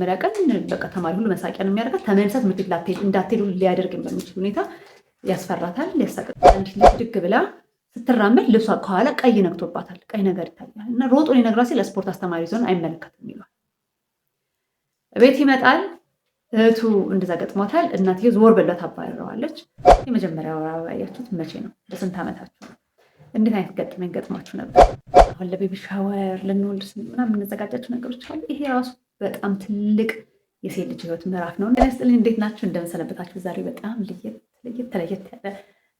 መጀመሪያ ቀን በቃ ተማሪ ሁሉ መሳቂያ ነው የሚያደርጋት። ተመልሳት ምክት ላትሄድ እንዳትሄዱ ሊያደርግ በሚችል ሁኔታ ያስፈራታል፣ ሊያሳቅጣል። አንዲት ልጅ ድግ ብላ ስትራመድ ልብሷ ከኋላ ቀይ ነግቶባታል፣ ቀይ ነገር ይታያል። እና ሮጦ ሊነግራት ሲል ስፖርት አስተማሪ ዞን አይመለከትም ይሏል። ቤት ይመጣል። እህቱ እንደዛ ገጥሟታል። እናትዬ ዞር በላ ታባረዋለች። የመጀመሪያ ወር ያያችሁት መቼ ነው? በስንት ዓመታችሁ ነው? እንዴት አይነት ገጠመኝ ገጥሟችሁ ነበር? አሁን ለቤቢ ሻወር ልንወልድ ምናምን የምንዘጋጃቸው ነገሮች አሉ። ይሄ ራሱ በጣም ትልቅ የሴት ልጅ ህይወት ምዕራፍ ነው። ስጥልኝ እንዴት ናቸው? እንደምንሰነበታችሁ። ዛሬ በጣም ለየት ለየት ተለየት ያለ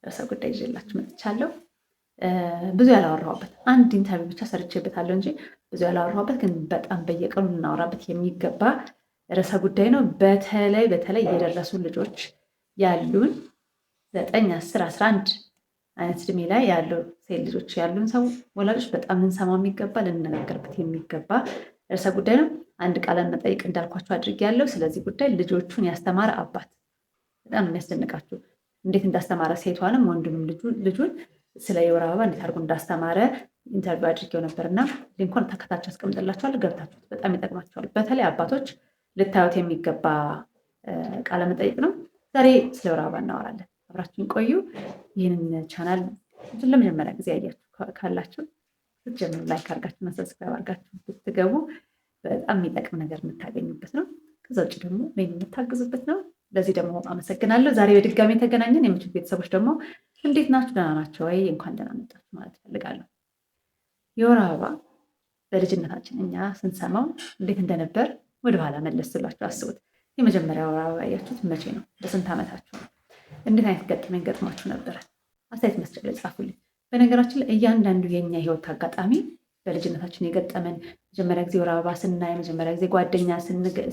ርዕሰ ጉዳይ ይዤላችሁ መጥቻለሁ። ብዙ ያላወራሁበት አንድ ኢንተርቪው ብቻ ሰርቼበታለሁ እንጂ ብዙ ያላወራሁበት ግን በጣም በየቀኑ ልናወራበት የሚገባ ርዕሰ ጉዳይ ነው። በተለይ በተለይ የደረሱ ልጆች ያሉን ዘጠኝ አስር አስራ አንድ አይነት እድሜ ላይ ያሉ ሴት ልጆች ያሉን ሰው ወላጆች በጣም ልንሰማው የሚገባ ልንነጋገርበት የሚገባ ርዕሰ ጉዳይ ነው። አንድ ቃለ መጠይቅ እንዳልኳቸው አድርጌ ያለው ስለዚህ ጉዳይ ልጆቹን ያስተማረ አባት በጣም የሚያስደንቃችሁ እንዴት እንዳስተማረ ሴቷንም ወንድንም ልጁን ስለ የወር አበባ እንዴት አድርጎ እንዳስተማረ ኢንተርቪው አድርጌው ነበር እና ሊንኮን ተከታች አስቀምጥላችኋል። ገብታችሁት በጣም ይጠቅማችኋል። በተለይ አባቶች ልታዩት የሚገባ ቃለ መጠይቅ ነው። ዛሬ ስለ ወር አበባ እናወራለን። አብራችን ቆዩ። ይህንን ቻናል ለመጀመሪያ ጊዜ ያያችሁ ካላችሁ ስትጀምሩ ላይክ አድርጋችሁና ሰብስክራይብ አድርጋችሁ ብትገቡ በጣም የሚጠቅም ነገር የምታገኙበት ነው። ከዛ ውጭ ደግሞ ወይም የምታግዙበት ነው። ለዚህ ደግሞ አመሰግናለሁ። ዛሬ በድጋሚ ተገናኘን። የምችል ቤተሰቦች ደግሞ እንዴት ናችሁ? ደህና ናቸው ወይ? እንኳን ደህና መጣችሁ ማለት እፈልጋለሁ። የወር አበባ በልጅነታችን እኛ ስንሰማው እንዴት እንደነበር ወደ ኋላ መለስ ስላችሁ አስቡት። የመጀመሪያ ወር አበባ ያያችሁት መቼ ነው? በስንት ዓመታችሁ ነው? እንዴት አይነት ገጠመኝ ገጥማችሁ ነበረ? አስተያየት መስጫ ላይ ጻፉልኝ። በነገራችን ላይ እያንዳንዱ የኛ ህይወት አጋጣሚ በልጅነታችን የገጠመን መጀመሪያ ጊዜ ወር አበባ ስናይ፣ መጀመሪያ ጊዜ ጓደኛ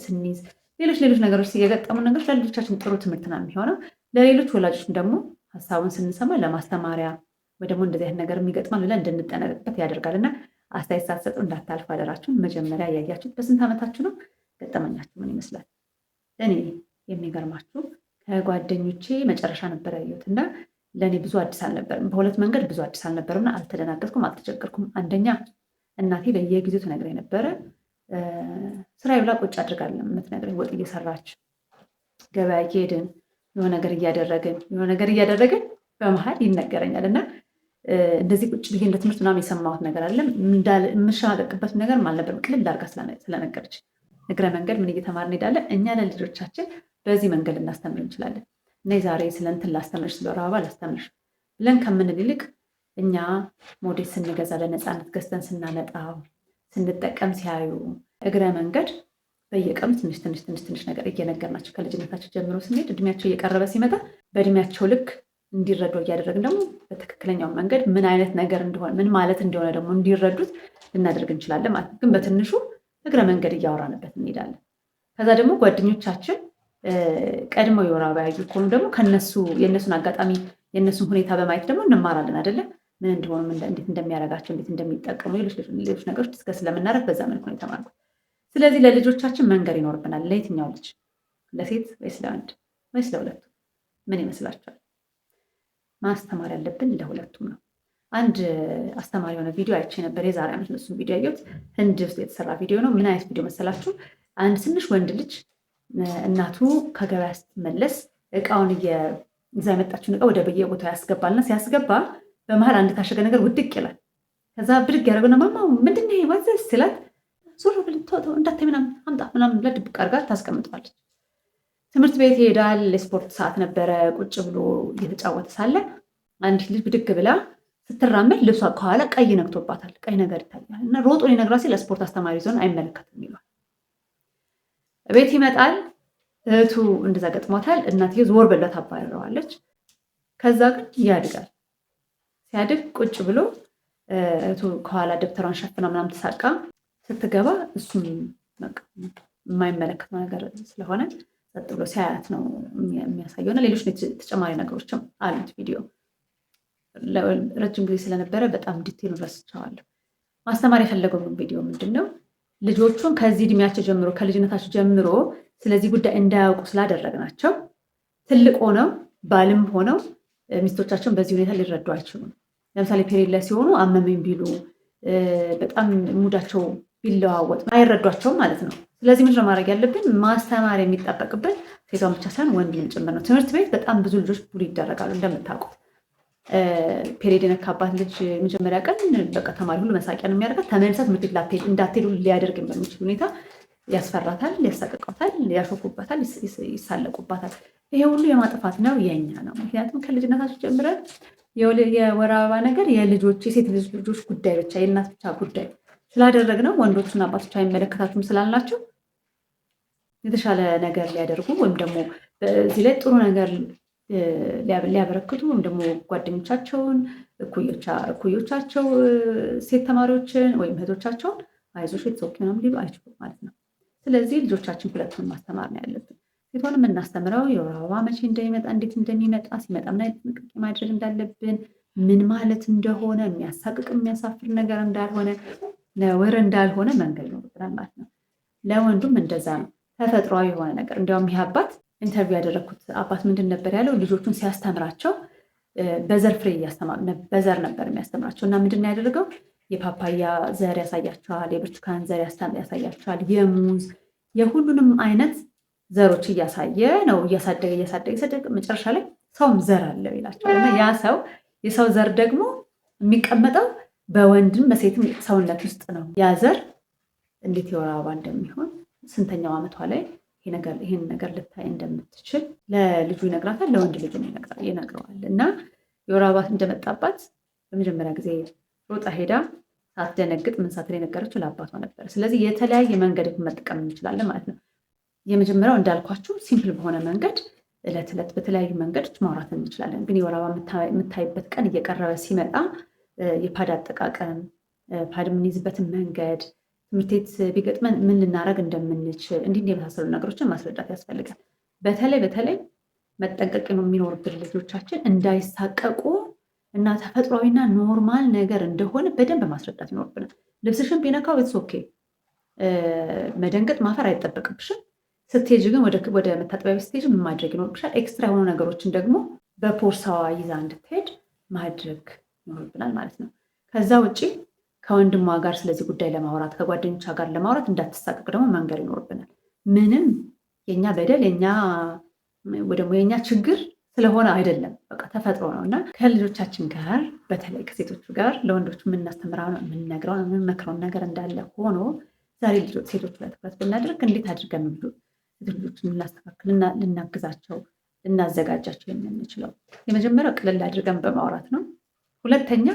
ስንይዝ፣ ሌሎች ሌሎች ነገሮች የገጠሙ ነገሮች ለልጆቻችን ጥሩ ትምህርት ነው የሚሆነው። ለሌሎች ወላጆች ደግሞ ሀሳቡን ስንሰማ ለማስተማሪያ ወይ ደግሞ እንደዚህ አይነት ነገር የሚገጥማል ብለን እንድንጠነቀቅበት ያደርጋል እና አስተያየት ሳትሰጡ እንዳታልፉ አደራችሁን። መጀመሪያ ያያችሁት በስንት ዓመታችሁ ነው? ገጠመኛችሁ ምን ይመስላል? እኔ የሚገርማችሁ ከጓደኞቼ መጨረሻ ነበር ያየሁት እና ለእኔ ብዙ አዲስ አልነበርም። በሁለት መንገድ ብዙ አዲስ አልነበርምና አልተደናገጥኩም፣ አልተቸገርኩም። አንደኛ እናቴ በየጊዜው ትነግረኝ ነበረ። ስራ ብላ ቁጭ አድርጋለን የምትነግረኝ ወጥ እየሰራች ገበያ እየሄድን የሆነ ነገር እያደረግን የሆነ ነገር እያደረግን በመሀል ይነገረኛል እና እንደዚህ ቁጭ ብዬ እንደ ትምህርት ምናምን የሰማሁት ነገር አለ። የምሸማቀቅበት ነገር አልነበርም። ቅልል አድርጋ ስለነገረች እግረ መንገድ ምን እየተማርን እንሄዳለን እኛ ለልጆቻችን በዚህ መንገድ እናስተምር እንችላለን። እኔ ዛሬ ስለ እንትን ላስተምርሽ ስለ ረሃባ ላስተምርሽ ብለን ከምንል ይልቅ እኛ ሞዴስ ስንገዛ ለነፃነት ገዝተን ስናነጣ ስንጠቀም ሲያዩ እግረ መንገድ በየቀኑ ትንሽ ትንሽ ትንሽ ትንሽ ነገር እየነገርናቸው ከልጅነታቸው ጀምሮ ስንሄድ እድሜያቸው እየቀረበ ሲመጣ በእድሜያቸው ልክ እንዲረዱ እያደረግን ደግሞ በትክክለኛው መንገድ ምን አይነት ነገር እንደሆነ ምን ማለት እንደሆነ ደግሞ እንዲረዱት ልናደርግ እንችላለን ማለት ነው። ግን በትንሹ እግረ መንገድ እያወራንበት እንሄዳለን። ከዛ ደግሞ ጓደኞቻችን ቀድመው የወር አበባ ያዩ ከሆኑ ደግሞ ከነሱ የእነሱን አጋጣሚ የእነሱን ሁኔታ በማየት ደግሞ እንማራለን አይደለም ምን እንደሆኑ እንዴት እንደሚያደርጋቸው እንዴት እንደሚጠቀሙ ሌሎች ነገሮች ዲስከስ ስለምናደርግ በዛ መልኩ ነው የተማርኩት። ስለዚህ ለልጆቻችን መንገር ይኖርብናል። ለየትኛው ልጅ ለሴት ወይስ ለወንድ ወይስ ለሁለቱም? ምን ይመስላችኋል? ማስተማር ያለብን ለሁለቱም ነው። አንድ አስተማሪ የሆነ ቪዲዮ አይቼ ነበር የዛሬ ዓመት። እሱን ቪዲዮ ያየሁት ህንድ ውስጥ የተሰራ ቪዲዮ ነው። ምን አይነት ቪዲዮ መሰላችሁ? አንድ ትንሽ ወንድ ልጅ እናቱ ከገበያ ስትመለስ እቃውን እዛ የመጣችውን እቃ ወደ በየቦታው ያስገባልና ሲያስገባ በመሀል አንድ ታሸገ ነገር ውድቅ ይላል። ከዛ ብድግ ያደረገና ማማ ምንድን ይሄ ባዘ ስላት ዞር ብል እንዳታይ ምናምን አምጣ ምናምን ብላ ድብቅ አድርጋ ታስቀምጠዋለች። ትምህርት ቤት ይሄዳል። የስፖርት ሰዓት ነበረ። ቁጭ ብሎ እየተጫወተ ሳለ አንድ ልጅ ብድግ ብላ ስትራመድ ልብሷ ከኋላ ቀይ ነግቶባታል። ቀይ ነገር ይታያል እና ሮጦ ሊነግራት ሲል ለስፖርት አስተማሪ ዞን አይመለከትም ይሏል። ቤት ይመጣል። እህቱ እንደዛ ገጥሟታል። እናትዬ ዞር በላ ታባረዋለች። ከዛ ግን ያድጋል። ሲያድግ ቁጭ ብሎ እህቱ ከኋላ ደብተሯን ሸፍና ምናምን ተሳቃ ስትገባ እሱም የማይመለከተው ነገር ስለሆነ ጸጥ ብሎ ሲያያት ነው የሚያሳየውና ሌሎች ተጨማሪ ነገሮችም አሉት። ቪዲዮ ረጅም ጊዜ ስለነበረ በጣም ዲቴል ረስቸዋለሁ። ማስተማር የፈለገው ቪዲዮ ምንድን ነው? ልጆቹን ከዚህ እድሜያቸው ጀምሮ ከልጅነታቸው ጀምሮ ስለዚህ ጉዳይ እንዳያውቁ ስላደረግናቸው ትልቅ ሆነው ባልም ሆነው ሚስቶቻቸውን በዚህ ሁኔታ ሊረዱ አይችሉም። ለምሳሌ ፔሬላ ሲሆኑ አመመኝ ቢሉ በጣም ሙዳቸው ቢለዋወጥ አይረዷቸውም ማለት ነው። ስለዚህ ምንድን ነው ማድረግ ያለብን? ማስተማር የሚጠበቅበት ሴቷን ብቻ ሳይሆን ወንድም ጭምር ነው። ትምህርት ቤት በጣም ብዙ ልጆች ቡሊ ይደረጋሉ እንደምታውቁት ፔሬድ የነካባት ልጅ መጀመሪያ ቀን በቃ ተማሪ ሁሉ መሳቂያ ነው የሚያደርጋት። ተመልሳ ትምህርት እንዳትሄዱ ሊያደርግ በሚችል ሁኔታ ያስፈራታል፣ ያሳቅቃታል፣ ያሾኩበታል፣ ይሳለቁባታል። ይሄ ሁሉ የማጥፋት ነው የኛ ነው። ምክንያቱም ከልጅነታች ጀምረን የወር አበባ ነገር የልጆች የሴት ልጆች ጉዳይ ብቻ የእናት ብቻ ጉዳይ ስላደረግ ነው ወንዶችና አባቶች አይመለከታችሁም ስላልናቸው የተሻለ ነገር ሊያደርጉ ወይም ደግሞ እዚህ ላይ ጥሩ ነገር ሊያበረክቱ ወይም ደግሞ ጓደኞቻቸውን፣ እኩዮቻቸው ሴት ተማሪዎችን ወይም እህቶቻቸውን አይዞሽ የተሰኪ ምናምን ሊሉ አይችሉም ማለት ነው። ስለዚህ ልጆቻችን ሁለቱን ማስተማር ነው ያለብን። ሴቷን የምናስተምረው የወር አበባ መቼ እንደሚመጣ እንዴት እንደሚመጣ ሲመጣ ምን አይነት ጥንቃቄ ማድረግ እንዳለብን ምን ማለት እንደሆነ የሚያሳቅቅ የሚያሳፍር ነገር እንዳልሆነ ነውር እንዳልሆነ መንገድ ነው ብለን ማለት ነው። ለወንዱም እንደዛ ነው ተፈጥሯዊ የሆነ ነገር እንዲያውም ይህ አባት ኢንተርቪው ያደረግኩት አባት ምንድን ነበር ያለው? ልጆቹን ሲያስተምራቸው በዘር ፍሬ በዘር ነበር የሚያስተምራቸው እና ምንድን ያደርገው? የፓፓያ ዘር ያሳያቸዋል፣ የብርቱካን ዘር ያሳያቸዋል፣ የሙዝ የሁሉንም አይነት ዘሮች እያሳየ ነው እያሳደገ እያሳደገ ሰደቅ መጨረሻ ላይ ሰውም ዘር አለው ይላቸዋል። እና ያ ሰው የሰው ዘር ደግሞ የሚቀመጠው በወንድም በሴትም ሰውነት ውስጥ ነው። ያ ዘር እንዴት የወር አበባ እንደሚሆን ስንተኛው ዓመቷ ላይ ይህን ነገር ልታይ እንደምትችል ለልጁ ይነግራታል። ለወንድ ልጁ ይነግረዋል። እና የወር አበባ እንደመጣባት በመጀመሪያ ጊዜ ሮጣ ሄዳ ሳትደነግጥ ምን ሳትል የነገረችው ለአባቷ ነበር። ስለዚህ የተለያየ መንገድ መጠቀም እንችላለን ማለት ነው። የመጀመሪያው እንዳልኳችሁ ሲምፕል በሆነ መንገድ እለት እለት በተለያዩ መንገዶች ማውራት እንችላለን። ግን የወር አበባ የምታይበት ቀን እየቀረበ ሲመጣ የፓድ አጠቃቀም ፓድ የምንይዝበትን መንገድ ትምህርት ቤት ቢገጥመን ምን ልናደርግ እንደምንችል እንዲህ የመሳሰሉ ነገሮችን ማስረዳት ያስፈልጋል። በተለይ በተለይ መጠንቀቅ ነው የሚኖርብን ልጆቻችን እንዳይሳቀቁ እና ተፈጥሯዊና ኖርማል ነገር እንደሆነ በደንብ ማስረዳት ይኖርብናል። ልብስሽን ቢነካው ቤትስ ኦኬ፣ መደንገጥ ማፈር አይጠበቅብሽም። ስትሄጂ ግን ወደ መታጠቢያ ቤት ስትሄጂ ምን ማድረግ ይኖርብሻል? ኤክስትራ የሆኑ ነገሮችን ደግሞ በፖርሳዋ ይዛ እንድትሄድ ማድረግ ይኖርብናል ማለት ነው። ከዛ ውጭ ከወንድሟ ጋር ስለዚህ ጉዳይ ለማውራት ከጓደኞቿ ጋር ለማውራት እንዳትሳቀቅ ደግሞ መንገር ይኖርብናል። ምንም የኛ በደል የኛ የኛ ችግር ስለሆነ አይደለም፣ በቃ ተፈጥሮ ነው እና ከልጆቻችን ጋር በተለይ ከሴቶቹ ጋር ለወንዶቹ የምናስተምረው ነው የምንነግረው የምንመክረውን ነገር እንዳለ ሆኖ ዛሬ ሴቶቹ ላይ ትኩረት ብናደርግ እንዴት አድርገን ብሎ ልናስተካክል ልናግዛቸው ልናዘጋጃቸው የምንችለው የመጀመሪያው ቅልል አድርገን በማውራት ነው። ሁለተኛ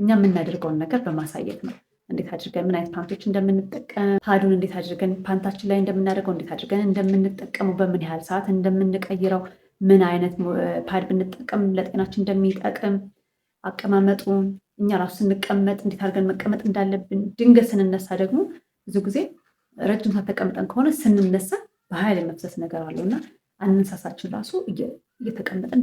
እኛ የምናደርገውን ነገር በማሳየት ነው። እንዴት አድርገን ምን አይነት ፓንቶች እንደምንጠቀም ፓዱን እንዴት አድርገን ፓንታችን ላይ እንደምናደርገው እንዴት አድርገን እንደምንጠቀመው በምን ያህል ሰዓት እንደምንቀይረው ምን አይነት ፓድ ብንጠቀም ለጤናችን እንደሚጠቅም አቀማመጡን እኛ ራሱ ስንቀመጥ እንዴት አድርገን መቀመጥ እንዳለብን ድንገት ስንነሳ ደግሞ ብዙ ጊዜ ረጅም ሰዓት ተቀምጠን ከሆነ ስንነሳ በኃይል መፍሰስ ነገር አለው እና አነሳሳችን ራሱ እየተቀመጠን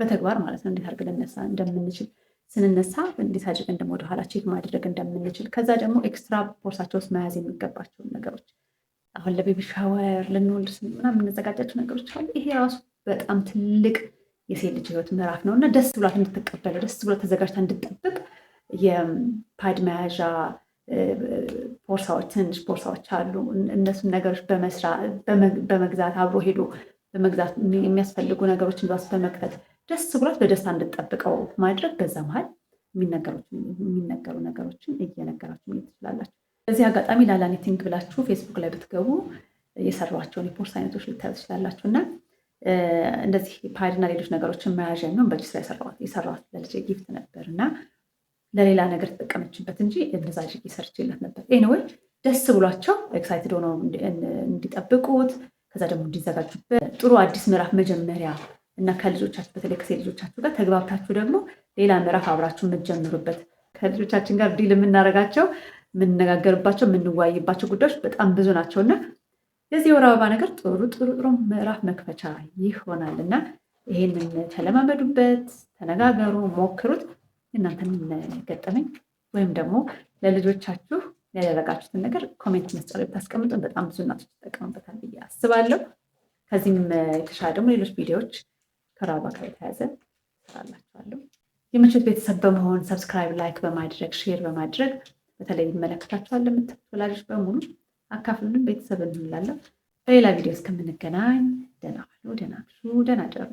በተግባር ማለት ነው እንዴት አድርገን ልነሳ እንደምንችል ስንነሳ እንዴት አድርገን ደግሞ ወደኋላ ቼክ ማድረግ እንደምንችል ከዛ ደግሞ ኤክስትራ ቦርሳቸው ውስጥ መያዝ የሚገባቸውን ነገሮች አሁን ለቤቢ ሻወር ልንወልድ ምናምን የምንዘጋጃቸው ነገሮች አሉ። ይሄ ራሱ በጣም ትልቅ የሴት ልጅ ህይወት ምዕራፍ ነው እና ደስ ብሏት እንድትቀበለ ደስ ብሏት ተዘጋጅታ እንድጠብቅ የፓድ መያዣ ቦርሳዎች፣ ትንንሽ ቦርሳዎች አሉ። እነሱን ነገሮች በመግዛት አብሮ ሄዶ በመግዛት የሚያስፈልጉ ነገሮችን ራሱ በመክፈት ደስ ብሏት በደስታ እንድጠብቀው ማድረግ በዛ መሀል የሚነገሩ ነገሮችን እየነገራችሁ መሄድ ትችላላችሁ። በዚህ አጋጣሚ ላላኔቲንግ ብላችሁ ፌስቡክ ላይ ብትገቡ የሰሯቸውን የፖርስ አይነቶች ልታዩ ትችላላችሁ እና እንደዚህ ፓድና ሌሎች ነገሮችን መያዣ የሚሆን በእጅ ስራ የሰራኋት የሰራኋት ለልጄ ጊፍት ነበር እና ለሌላ ነገር ተጠቀመችበት እንጂ እንደዛ ጅጌ ሰርቼላት ነበር። ኤኒዌይ ደስ ብሏቸው ኤክሳይትድ ሆነው እንዲጠብቁት ከዛ ደግሞ እንዲዘጋጁበት ጥሩ አዲስ ምዕራፍ መጀመሪያ እና ከልጆቻችሁ በተለይ ከሴት ልጆቻችሁ ጋር ተግባብታችሁ ደግሞ ሌላ ምዕራፍ አብራችሁ የምትጀምሩበት ከልጆቻችን ጋር ዲል የምናደርጋቸው የምንነጋገርባቸው የምንወያይባቸው ጉዳዮች በጣም ብዙ ናቸው እና የዚህ የወር አበባ ነገር ጥሩ ጥሩ ጥሩ ምዕራፍ መክፈቻ ይሆናል እና ይሄንን ተለማመዱበት፣ ተነጋገሩ፣ ሞክሩት። እናንተ ገጠመኝ ወይም ደግሞ ለልጆቻችሁ ያደረጋችሁትን ነገር ኮሜንት መስጫ ላይ ብታስቀምጡን በጣም ብዙ እናቶች ይጠቀሙበታል ብዬ አስባለሁ። ከዚህም የተሻለ ደግሞ ሌሎች ቪዲዮዎች ከራባ ጋር የተያዘ ስራላችኋለሁ። የምሽት ቤተሰብ በመሆን ሰብስክራይብ፣ ላይክ በማድረግ ሼር በማድረግ በተለይ ይመለከታችኋል ለምትሉት ወላጆች በሙሉ አካፍሉን፣ ቤተሰብ እንላለን። በሌላ ቪዲዮ እስከምንገናኝ ደህና ዋሉ፣ ደህና ዋሉ፣ ደህና ደሩ።